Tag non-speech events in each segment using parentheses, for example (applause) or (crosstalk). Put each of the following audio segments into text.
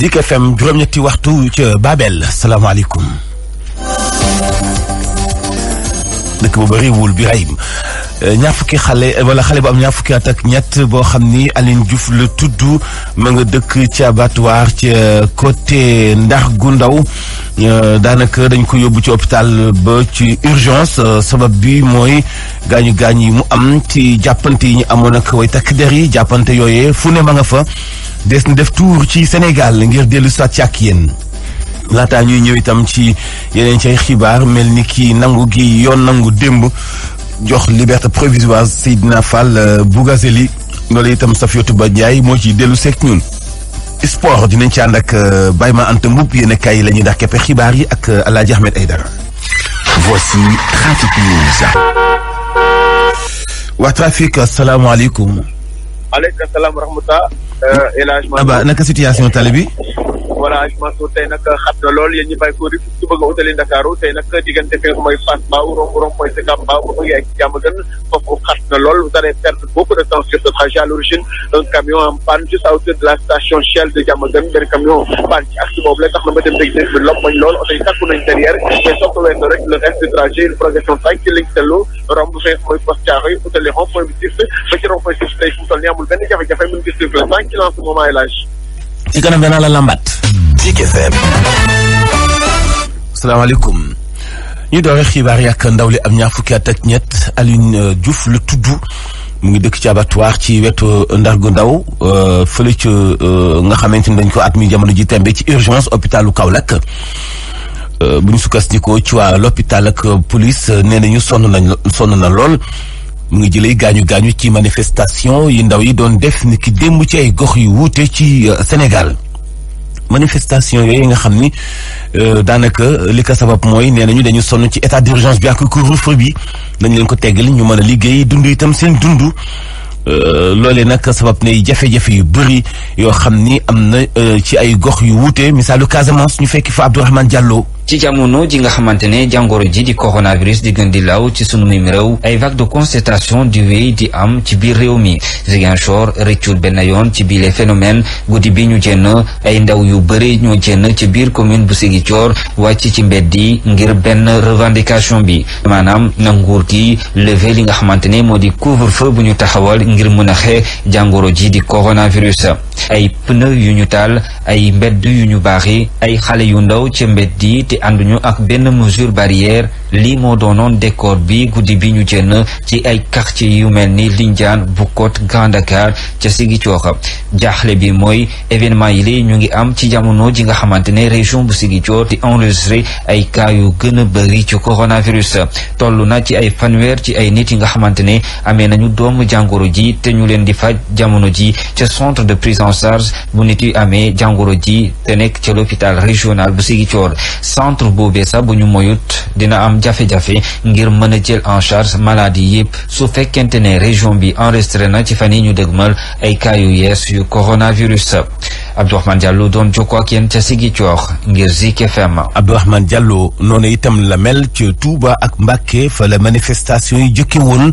Zik FM juróom-ñetti waxtu ca Babel salaamaaleykum dëkk bu bëri wul bi Birahim ñaar fukki xale wala xale bu am ñaar fukki at ak ñett boo xam ni Aline Diouf la tudd ma nga dëkk ci abattoir ci côté ndax gu ndaw euh, daanaka dañ ko yóbbu ci hôpital ba ci urgence euh, sabab bi mooy gaañu gaañ yi mu am ci jàppante yi ñu amoon ak way takk der yi jàppante yooyee fu ne ma nga fa des def tour ci Sénégal ngir dellu soit ci ak yéen laataa ñuy ñëw itam ci yeneen ci xibaar mel ni kii nangu ki yoon nangu démb jox liberté provisoire Seydina Fall euh, Bougazelli loolu itam Safiotou Ba Ndiaye moo ci dellu seeg ñun. sport dinañ ci ànd ak euh, Baye Ma Anta Mboup yéen a kaay la ñuy xibaar yi ak El euh, Hadj Ahmed Aïdara. voici trafic news. waa trafic asalaamaaleykum. maaleykum salaam wa élagement euh, ah ba naka situation tali bi voilà Mansour tey nag xam na lool yéen ñi bàyyi ko rek su bëgg a Ndakaaru tey nag diggante fi nga xam mooy romb romb mooy Sicap Mbao ba bëgg ak jàmm gën foofu xat na lool vous allez perdre beaucoup de temps sur ce trajet à l'origine camion en panne juste à de la station Shell de Diamaguène benn camion panne ci axe boobu tax na ma dem dégg dégg bi lop mañ lool oto yi takku nañ derrière mais soo weesoo rek le reste du trajet une progression tranquille lañ seetlu le cinq ci en kanam danaa la lambaat. Zik FM. asalaamaaleykum. ñu xibaar yi ndaw li am ñaar fukki at ak ñett Alioune euh, Diouf la tudd mu ngi dëkk ci abattoir ci wetu euh, ndar gu ndaw euh, fële ca nga xamante ni dañ ko at mi jamono ji tembe ci urgence hôpitalu Kaolack bu ñu sukkas ni ko ci waa l'hôpital ak police nee nañu sonn nañ sonn na lool mu ngi jëlee gaañu gaañu ci manifestation yi ndaw yi doon def ni ki démb ci ay gox yu wuute ci euh, Sénégal manifestation yooyu nga xam ni euh, daanaka li ko sabab mooy nee nañu dañu sonn ci état d'urgence bi ak couvre-feu bi dañ leen ko teggal ñu mën a liggéey dund itam seen dund euh, loolee nag sabab ne jafe-jafe yu bëri yoo xam ni am na ci ay gox yu wuute misaalu Casamance ñu fekki fa Abdourahmane jàlloo ci jamono ji nga xamante ne jàngoro ji di coronavirus di gën di law ci sunu mim réew ay vague de constatation di wéy di am ci biir réew mi Ziguinchor rëccul benn yoon ci biir les phénomènes guddi bi ñu jënn ay ndaw yu bëri ñoo jënn ci biir commune bu Ziguinchor wàcc ci mbedd yi ngir benn revendication bi maanaam na nguur gi levé li nga xamante ne moo di couvre-feu bu ñu taxawal ngir mën a xee jàngoro ji di coronavirus ay pneu yu ñu taal ay mbedd yu ñu baaxi ay xale yu ndaw ànduñu ak benn mesure barrière lii moo doonoon décor bi guddi bi ñu jënn ci ay quartier yu mel ni Lindiane Boucotte Grand Dakar ca Ziguinchor jaaxle bi mooy événement yi li ñu ngi am ci jamono ji nga xamante ne région bu Ziguinchor di enregistré ay cas yu gën a bëri ci coronavirus toll na ci ay fanweer ci ay nit yi nga xamante ne amee nañu doomu jàngoro ji te ñu leen di faj jamono ji ca centre de prise en charge bu nit yu amee jàngoro ji te nekk ca l'hôpital régional bu Ziguinchor centre boobee sax bu ñu moyut dina am jafe-jafe ngir mën a jël en charge maladie yëpp su fekkente ne région bi enregistré na ci fan yi ñu dëgmal ay cas yu yees yu coronavirus Abdourahmane Diallo doon jokkoo ak yéen ca Ziguinchor ngir Zik FM. Abdourahmane Diallo noonu ak Mbacké fa manifestation yi jëkke woon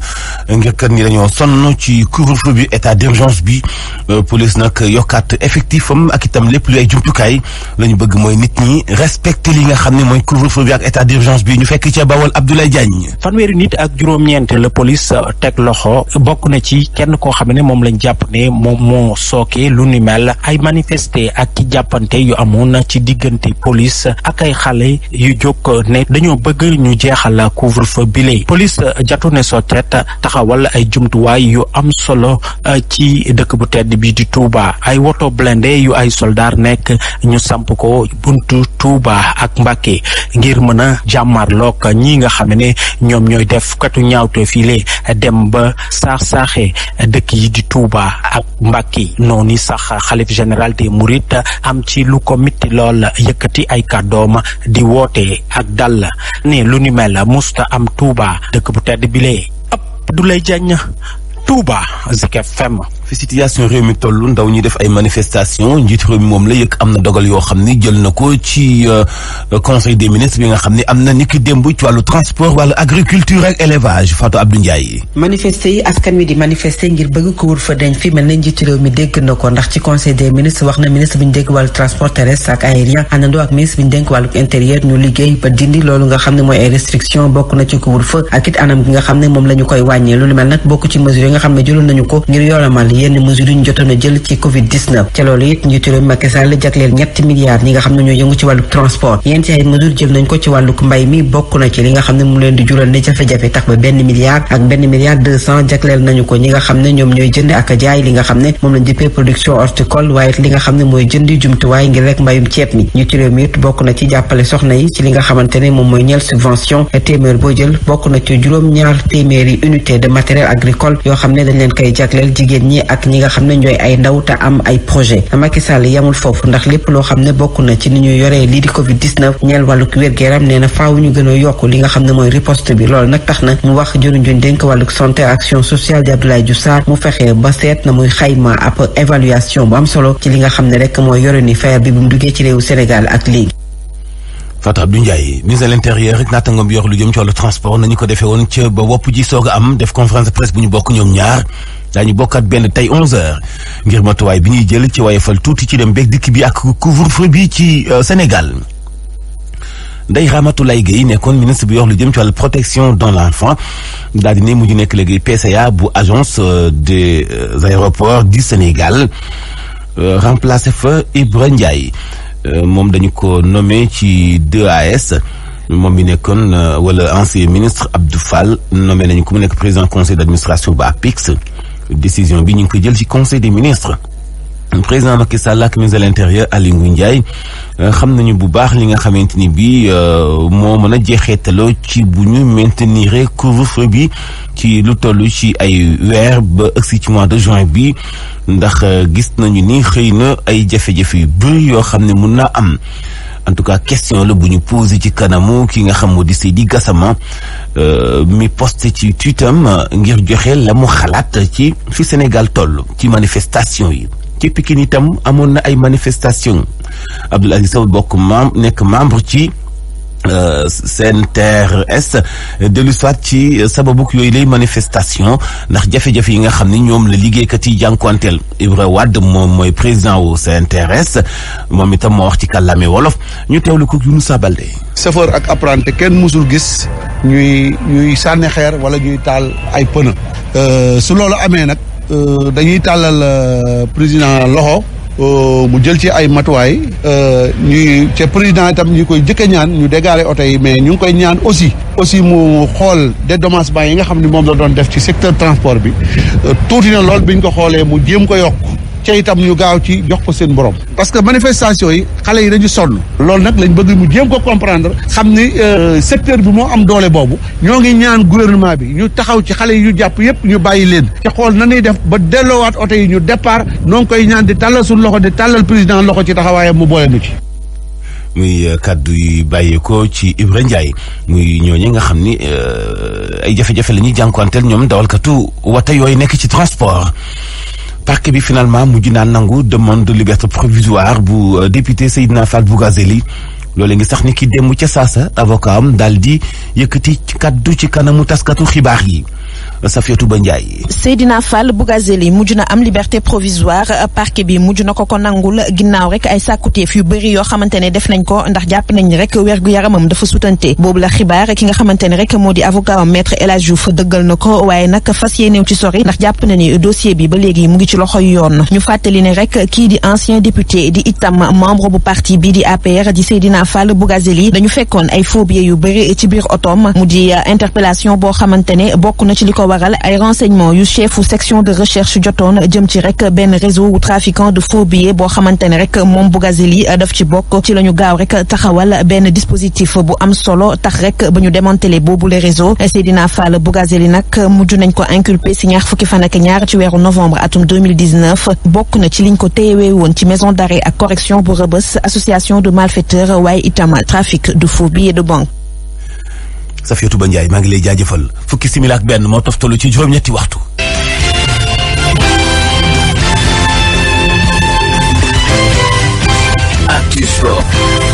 ngir kat ni dañoo sonn ci couvre-feu bi état d'urgence bi euh, police nag yokkaat effectif am ak itam lépp lu jumtukaay la bëgg mooy nit ñi respecté li nga xam ne mooy couvre-feu bi ak état d'urgence ñu fekk ca Bawol Abdoulaye Diagne. fanweeri nit ak juróom-ñeent la police teg loxo bokk na ci kenn koo xam ne moom lañ jàpp ne moom moo sooke lu ni mel ay manifestations contesté ak jàppante yu amoon ci diggante police ak ay xale yu jóg ne dañoo bëgg ñu jeexal couvre-feu bile police jatu ne soccet taxawal ay jumtuwaay yu am solo euh, ci dëkk bu tedd bi di Touba ay woto blindé yu ay soldaar nekk ñu samp ko buntu Touba ak Mbacké ngir mën a jàmmarloog ñi nga xam ne ñoom ñooy def katu ñaawte file dem ba saax saaxe dëkk yi di Touba ak Mbacké noonu sax xalif général de di am ci lu ko mitti lool yëkkati ay kàddoom di woote ak dal ne lu ni mel musta am Touba dëkk bu tedd bilee Abdoulaye Diagne Touba Zik FM fi situation réew mi toll ndaw ñi def ay manifestation njiit réew mi moom la yëg am na euh, mel na njiit réew mi dégg na ko ndax ci conseil des ministres wax na ministre bi ñu dégg wàllu transport terrestre ak aérien àndandoo ak ministre bi ñu dénk wàllu intérieur ñu liggéey ba dindi loolu nga xam ne moom la koy wàññee lu mel nag bokk ci mesure nga xam ne jëloon nañu ko ngir yoolamal yenn mesures yi ñu jotoon a jël ci covid 19 ca loolu it njiitu réew jagleel ñetti milliards ñi nga xam ne mi bokk na ci li nga xam ne mu leen xam ne ñoom ñooy jënd ak jaay li nga xam ne moom lañ jëppee production horticole waaye li nga xam ne mooy jëndi jumtuwaay ngir rek mbayum ceeb mi njiitu réew mi it bokk na ci jàppale ne moom mooy ñeel subvention téeméer boo jël bokk na ci juróom-ñaar téeméeri unité de matériel agricole yoo xam ne dañ leen koy jagleel jigéen ñi ak ñi nga xam ne ñooy ay ndaw te am ay projet Macky Sall yamul foofu ndax lépp loo xam ne bokk na ci ni ñu yore lii di Covid 19 ñeel wàlluk wér-gu-yaram nee na faaw ñu gën a yokk li nga xam ne mooy riposte bi lool nag tax na mu wax jëriñ jëriñ dénk wàlluk santé action sociale di Abdoulaye Diouf Sarr mu fexe ba seet na muy xayma ab évaluation bu am solo ci li nga xam ne rek mooy yore ni fayal bi bu mu duggee ci réew Sénégal ak léegi. Fatou Abdou du ministre de l'intérieur naatangoo bi ko defee woon ca ba wopp a am def conférence de presse bu daañu bokkaat benn tey 11h ngir matuwaay bi ñuy jël ci fal tuuti ci dem beeg dikk bi ak couvre-feu bi ci euh, Sénégal. Ndeye Ramatoulaye Gueye nekkoon ministre bi yor lu jëm ci wàllu protection de l'enfant daal di ne mu ngi nekk léegi PCA bu agence euh, des euh, aéroports du Sénégal remplacé fa Ibra Ndiaye moom dañu ko nommé ci 2AS moom mi nekkoon wala ancien ministre Abdou Fall nommé nañu ko mu nekk président conseil d'administration bu APIX. décision bi ñu ngi ko jël ci conseil des ministres président Macky Sall ak ministre de l'intérieur Aly Ngouille Ndiaye euh, xam nañu bu baax li nga xamante ni bi euh, moo mën a jeexeetaloo ci bu ñu maintenir couvre-feu bi ci lu toll ci ay weer ba ëgsi ci mois de juin bi ndax euh, gis nañu ni xëy na ay jafe-jafe yu bëri yoo xam ne mun naa am en tout cas question la bu ñu posé ci kanamu ki nga xam moo di Seydi Gassama euh, mi posté ci tuitam ngir joxe la mu xalaat ci fi Sénégal toll ci manifestation yi ci Pikine itam amoon na ay manifestation Abdoul Aziz bokk nekk membre ci CNTR-S euh, dellu soit ci sababuk yooyu lay manifestation ndax jafe-jafe yi nga xam ni ñoom la liggéeykat yi jànkuwanteel Ibra Wade moom mooy président wu CNTR-S moom itam moo wax ci kàllaame wolof ñu teewlu ko yu nu sabalde ak apprenti kenn musul gis ñuy ñuy sànni xeer wala ñuy taal ay pneu euh, su loolu amee nag euh, dañuy tàllal président loxo Euh, mu jël ci ay matuwaay euh, ñuy ca président itam ñu koy jëkk ñaan ñu dégaare oto yi mais ñu ngi koy ñaan aussi aussi mu xool de dédommagement yi nga xam ni moom la doon def ci secteur transport bi euh, tuuti na lool bi ñu ko xoolee mu jéem ko yokk ca itam ñu gaaw ci jox ko seen borom parce que manifestation yi xale yi dañu sonn loolu nag lañu bëgg mu jéem ko comprendre xam ni euh, secteur bi moo am doole boobu ñoo ngi ñaan gouvernement bi ñu taxaw ci xale yi ñu jàpp yépp ñu bàyyi leen ci xool na ñuy def ba delloowaat oto yi ñu départ noo koy ñaan di tàllal suñu loxo di tàllal président loxo ci taxawaayam mu boole ci muy euh, kàddu yu bàyyeekoo ci Ibra Ndiaye muy ñooñu nga xam ni euh, ay jafe-jafe la ñuy jànkuwanteel ñoom dawalkatu wata yooyu nekk ci transport parquet bi finalement mujj naa nangu demande de liberté provisoire bu euh, député Seydina Fall Bougazelli loole ngi sax ni ki démb ca saasa avocat am daal di yëkkati kaddu ci kanamu taskatu xibaar yi Safiatou Ba Ndiaye. Seydina Fall Bougazelli mujj na am liberté provisoire parquet bi mujj na ko ko nangul ginnaaw rek ay sàkkuteef yu bari yoo xamante ne def nañ ko ndax jàpp nañ rek wergu yaramam dafa sutante boobu la xibaar ki nga xamante ne rek moo di avocat am maître El Hadj Diouf dëggal na ko waaye nag fas yéenew ci sori ndax jàpp na ni dossier bi ba léegi mu ngi ci loxoy yoon ñu fàttali ne rek kii di ancien député di itam membre bu parti bi di APR di Seydina Fall Bougazelli dañu fekkoon ay faux billets yu bëri ci biir otoom mu di interpellation boo xamante ne bokk na moo waral ay renseignement yu chefu section de recherche jotoon jëm ci rek benn réseau trafiquant de faux billets boo xamante ne rek moom Bougazelli euh, daf ci bokk ci la ñu gaaw rek taxawal benn dispositif bu am solo tax rek ba ñu démantelé boobu le réseau Seydina Fall Bougazelli nag mujj nañ ko inculpé si ñaar fukki fan ak ñaar ci weeru novembre atum 2019 bokk na ci liñ ko téyewee woon ci maison d'arrêt a correction bu Rebeuss association de malfaiteurs waaye itam trafic de faux billets de banque Safiatou Ba Ndiaye maa ngi lay jaajëfal fukki simila ak benn moo toftalu ci juróom-ñetti waxtu. Actu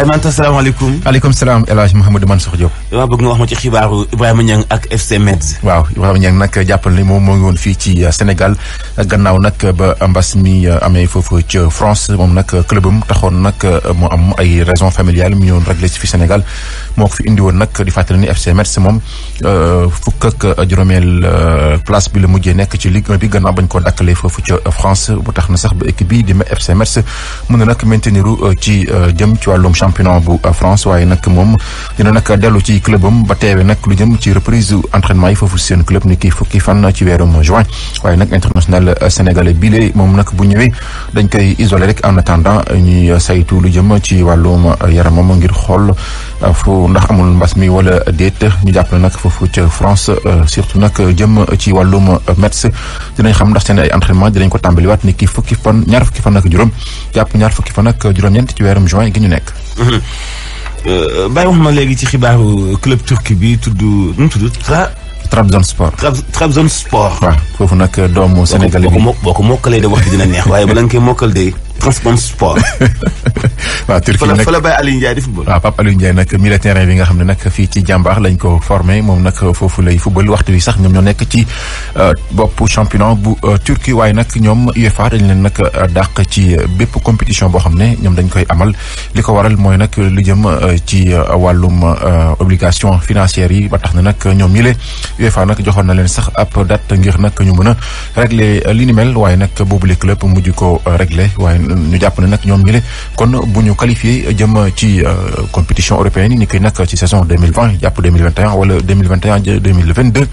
Souleymane asalaamaaleykum. waaleykum salaam El Hadj Mouhamadou Mansour Diop. waaw bëgg nga wax ma ci xibaaru Ibrahima Niang ak FC Metz. waaw Ibrahima Niang nag jàppal ni moom moo ngi woon fii ci euh, Sénégal gannaaw nag euh, ba mbas mi euh, amee foofu ci France moom nag club am taxoon nag mu am ay raisons familiales mu ñëwoon réglé ci fi Sénégal moo ko fi indi woon nag di fàttali ni FC Metz moom fukk ak juróomeel place bi la mujjee nekk ci Ligue 1 bi gannaaw bañ koo dakkalee foofu ci France bu tax na sax ba équipe bi di FC Metz mën na nag maintenir ci jëm ci wàllum championnat. championnat bu France waaye nag moom dina nag dellu ci clubam ba teewe nag lu jëm ci reprise entraînement yi foofu seen club ni ki fukki fan ci weerum juin waaye nag international sénégalais bile moom nag bu ñëwee dañ koy isolé rek en attendant ñuy saytu lu jëm ci wàllum yaramam ngir xool fu ndax amul mbas mi wala déet ñu jàpp na nag foofu ca France surtout nag jëm ci wàllum Metz dinañ xam ndax seen ay entraînement dinañ ko tàmbaliwaat ni ki fukki fan ñaar fukki fan ak juróom jàpp ñaar fukki fan ak juróom-ñeent ci weerum juin gi ñu nekk. Euh, euh, Baye wax na léegi ci xibaaru club turki bi tudd nu mu tudd Tra. Trabzonspor. Trabzonspor. waaw foofu nag doomu Sénégal bi boo ko boo ko mokkalee de wax dina neex waaye bala nga koy mokkal de Trabzonspor. (laughs) waaw Turquie nag fa la bàyyi Aliou Ndiaye football. waaw Pape Aliou Ndiaye nag milieu terrain bi nga xam ne nag fii ci jàmbaar lañ ko formé moom nag foofu lay football waxtu wi sax ñoom ñoo nekk ci euh, bopp championnat bu euh, Turquie waaye nag ñoom UEFA dañ leen nag euh, dàq ci bépp compétition boo xam ne ñoom dañ koy amal li ko waral mooy nag lu jëm ci wàllum obligation financière yi ba tax ne nag ñoom ñi le UEFA nag joxoon na leen sax ab date ngir nag ñu mën a régler li ni mel waaye nag boobule club mujj ko régler waaye ñu jàpp ne nag ñoom ñi kon bu ñu qualifié jëm ci euh, compétition européenne yi ni koy nag ci saison deux mille vingt jàpp deux mille vingt et un wala deux mille vingt et un deux mille vingt deux